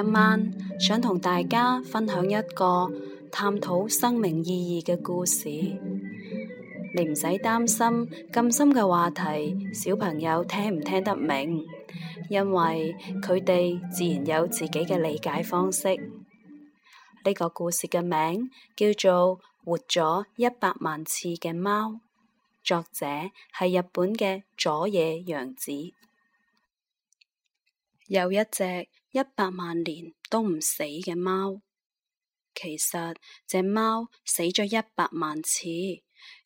今晚想同大家分享一個探討生命意義嘅故事。你唔使擔心咁深嘅話題，小朋友聽唔聽得明？因為佢哋自然有自己嘅理解方式。呢個故事嘅名叫做《活咗一百萬次嘅貓》，作者係日本嘅佐野洋子。有一隻。一百萬年都唔死嘅貓，其實隻貓死咗一百萬次，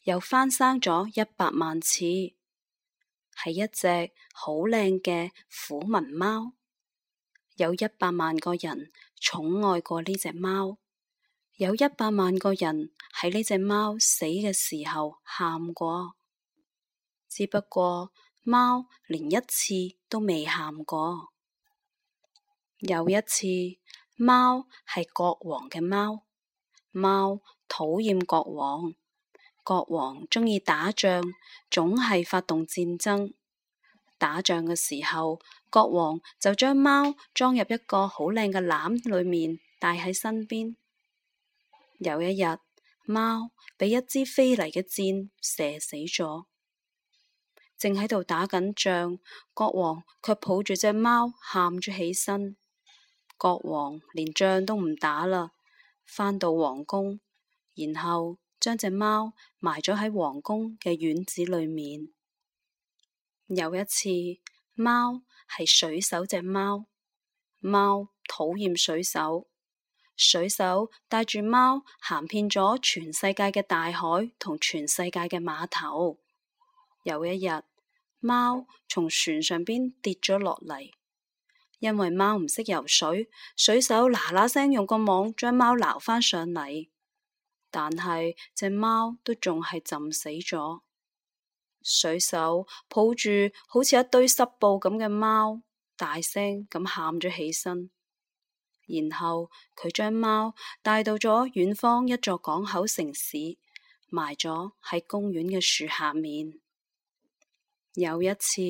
又翻生咗一百萬次，係一隻好靚嘅虎紋貓。有一百萬個人寵愛過呢隻貓，有一百萬個人喺呢隻貓死嘅時候喊過，只不過貓連一次都未喊過。有一次，貓係國王嘅貓。貓討厭國王，國王中意打仗，總係發動戰爭。打仗嘅時候，國王就將貓裝入一個好靚嘅籃裏面，帶喺身邊。有一日，貓俾一支飛嚟嘅箭射死咗。正喺度打緊仗，國王卻抱住隻貓，喊咗起身。國王連仗都唔打啦，返到皇宮，然後將隻貓埋咗喺皇宮嘅院子裏面。有一次，貓係水手隻貓，貓討厭水手，水手帶住貓行遍咗全世界嘅大海同全世界嘅碼頭。有一日，貓從船上邊跌咗落嚟。因為貓唔識游水，水手嗱嗱聲用個網將貓撈翻上嚟，但係隻貓都仲係浸死咗。水手抱住好似一堆濕布咁嘅貓，大聲咁喊咗起身，然後佢將貓帶到咗遠方一座港口城市，埋咗喺公園嘅樹下面。有一次。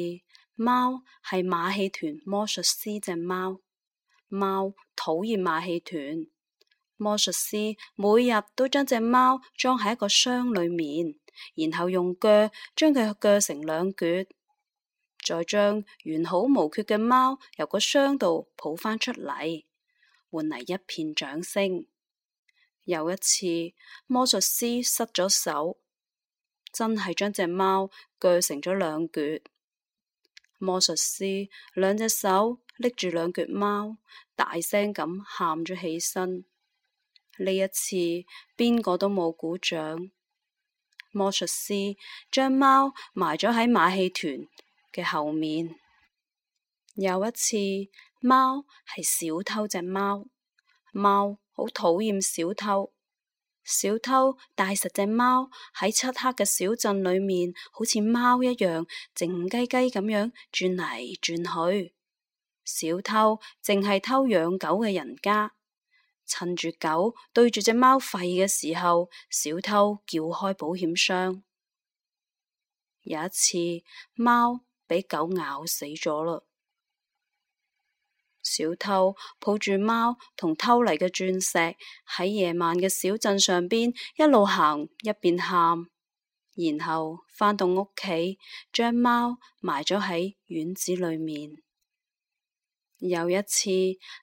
貓係馬戲團魔術師隻貓，貓討厭馬戲團魔術師，每日都將隻貓裝喺一個箱裏面，然後用鋸將佢鋸成兩橛，再將完好無缺嘅貓由個箱度抱返出嚟，換嚟一片掌聲。有一次，魔術師失咗手，真係將隻貓鋸成咗兩橛。魔術師兩隻手拎住兩腳貓，大聲咁喊咗起身。呢一次邊個都冇鼓掌。魔術師將貓埋咗喺馬戲團嘅後面。有一次，貓係小偷隻貓，貓好討厭小偷。小偷帶實隻貓喺漆黑嘅小鎮裏面，好似貓一樣靜雞雞咁樣轉嚟轉去。小偷淨係偷養狗嘅人家，趁住狗對住隻貓吠嘅時候，小偷撬開保險箱。有一次，貓俾狗咬死咗嘞。小偷抱住貓同偷嚟嘅鑽石，喺夜晚嘅小鎮上邊一路行，一邊喊，然後返到屋企，將貓埋咗喺院子裏面。有一次，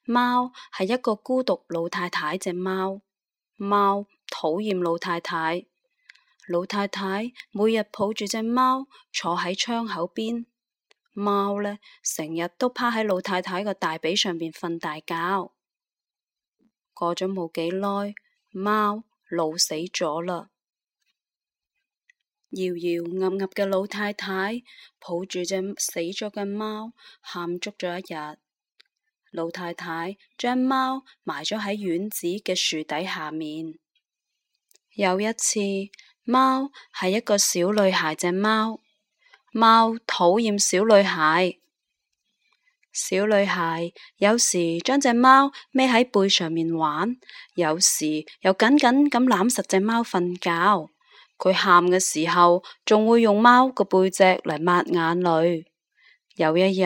貓係一個孤獨老太太隻貓，貓討厭老太太，老太太每日抱住隻貓坐喺窗口邊。貓呢，成日都趴喺老太太個大髀上邊瞓大覺，過咗冇幾耐，貓老死咗啦。搖搖岌岌嘅老太太抱住隻死咗嘅貓，喊足咗一日。老太太將貓埋咗喺院子嘅樹底下面。有一次，貓係一個小女孩隻貓。貓討厭小女孩。小女孩有時將隻貓孭喺背上面玩，有時又緊緊咁攬實隻貓瞓覺。佢喊嘅時候，仲會用貓個背脊嚟抹眼淚。有一日，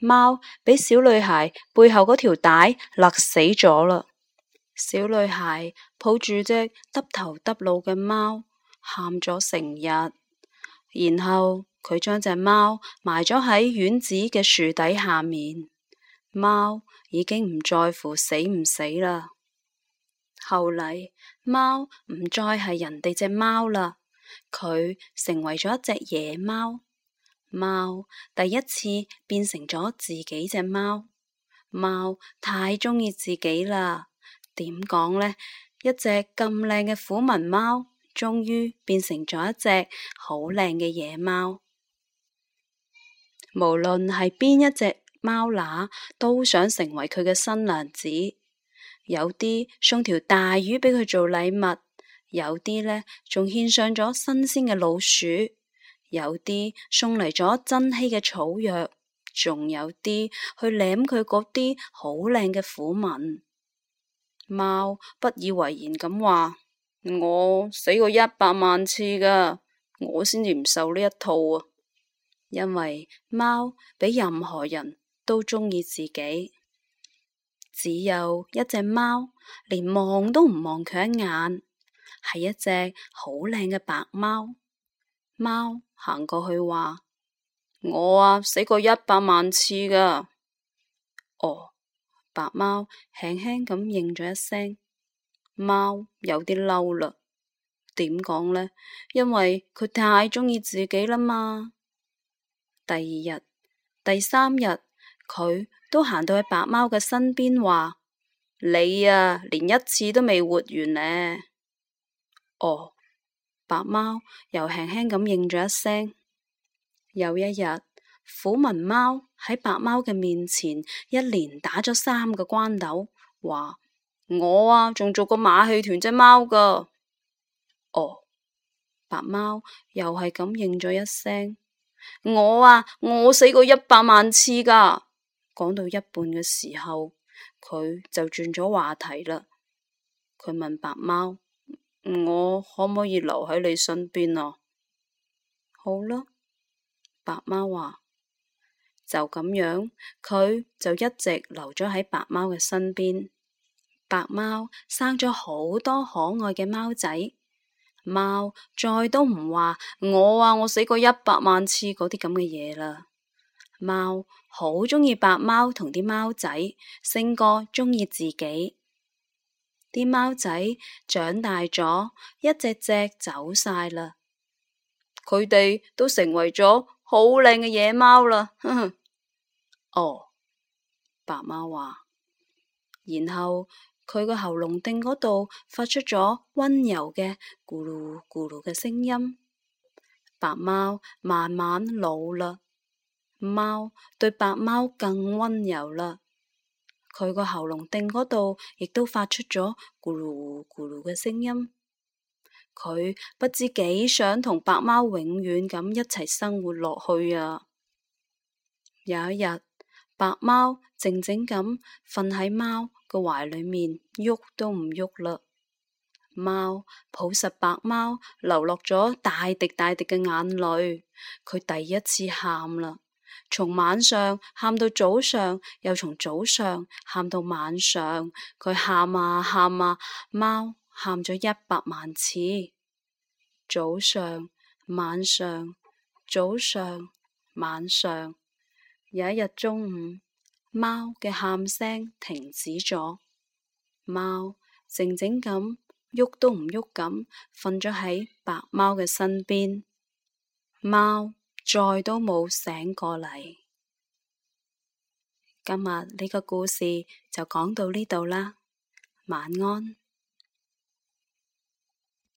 貓俾小女孩背後嗰條帶勒死咗啦。小女孩抱住隻耷頭耷腦嘅貓，喊咗成日，然後。佢將隻貓埋咗喺院子嘅樹底下面，貓已經唔在乎死唔死啦。後嚟，貓唔再係人哋隻貓啦，佢成為咗一隻野貓。貓第一次變成咗自己隻貓，貓太鍾意自己啦。點講呢？一隻咁靚嘅虎紋貓，終於變成咗一隻好靚嘅野貓。無論係邊一隻貓乸，都想成為佢嘅新娘子。有啲送條大魚俾佢做禮物，有啲呢仲獻上咗新鮮嘅老鼠，有啲送嚟咗珍稀嘅草藥，仲有啲去舐佢嗰啲好靚嘅虎紋。貓不以為然咁話：我死過一百萬次噶，我先至唔受呢一套啊！因為貓比任何人都鍾意自己，只有一隻貓連望都唔望佢一眼，係一隻好靚嘅白貓。貓行過去話：我啊死過一百萬次㗎。哦，白貓輕輕咁應咗一聲，貓有啲嬲嘞。點講呢？因為佢太鍾意自己啦嘛。第二日、第三日，佢都行到喺白貓嘅身邊，話：你啊，連一次都未活完呢啊。」哦，白貓又輕輕咁應咗一聲。有一日，虎紋貓喺白貓嘅面前一連打咗三個關斗，話：我啊，仲做過馬戲團隻貓噶。哦，白貓又係咁應咗一聲。我啊，我死過一百萬次噶。講到一半嘅時候，佢就轉咗話題啦。佢問白貓：我可唔可以留喺你身邊啊？好咯，白貓話：就咁樣，佢就一直留咗喺白貓嘅身邊。白貓生咗好多可愛嘅貓仔。貓再都唔話我話我死過一百萬次嗰啲咁嘅嘢啦。貓好中意白貓同啲貓仔，勝過中意自己。啲貓仔長大咗，一隻隻走晒啦。佢哋都成為咗好靚嘅野貓啦。 哦，白貓話，然後。佢個喉嚨頂嗰度發出咗溫柔嘅咕嚕咕嚕嘅聲音。白貓慢慢老啦，貓對白貓更溫柔啦。佢個喉嚨頂嗰度亦都發出咗咕嚕咕嚕嘅聲音。佢不知幾想同白貓永遠咁一齊生活落去啊！有一日，白貓靜靜咁瞓喺貓。個懷裏面，喐都唔喐嘞。貓抱實白貓流落咗大滴大滴嘅眼淚，佢第一次喊啦，從晚上喊到早上，又從早上喊到晚上，佢喊啊喊啊，貓喊咗一百萬次。早上、晚上、早上、晚上，有一日中午。貓嘅喊聲停止咗，貓靜靜咁喐都唔喐咁，瞓咗喺白貓嘅身邊，貓再都冇醒過嚟。今日呢個故事就講到呢度啦，晚安。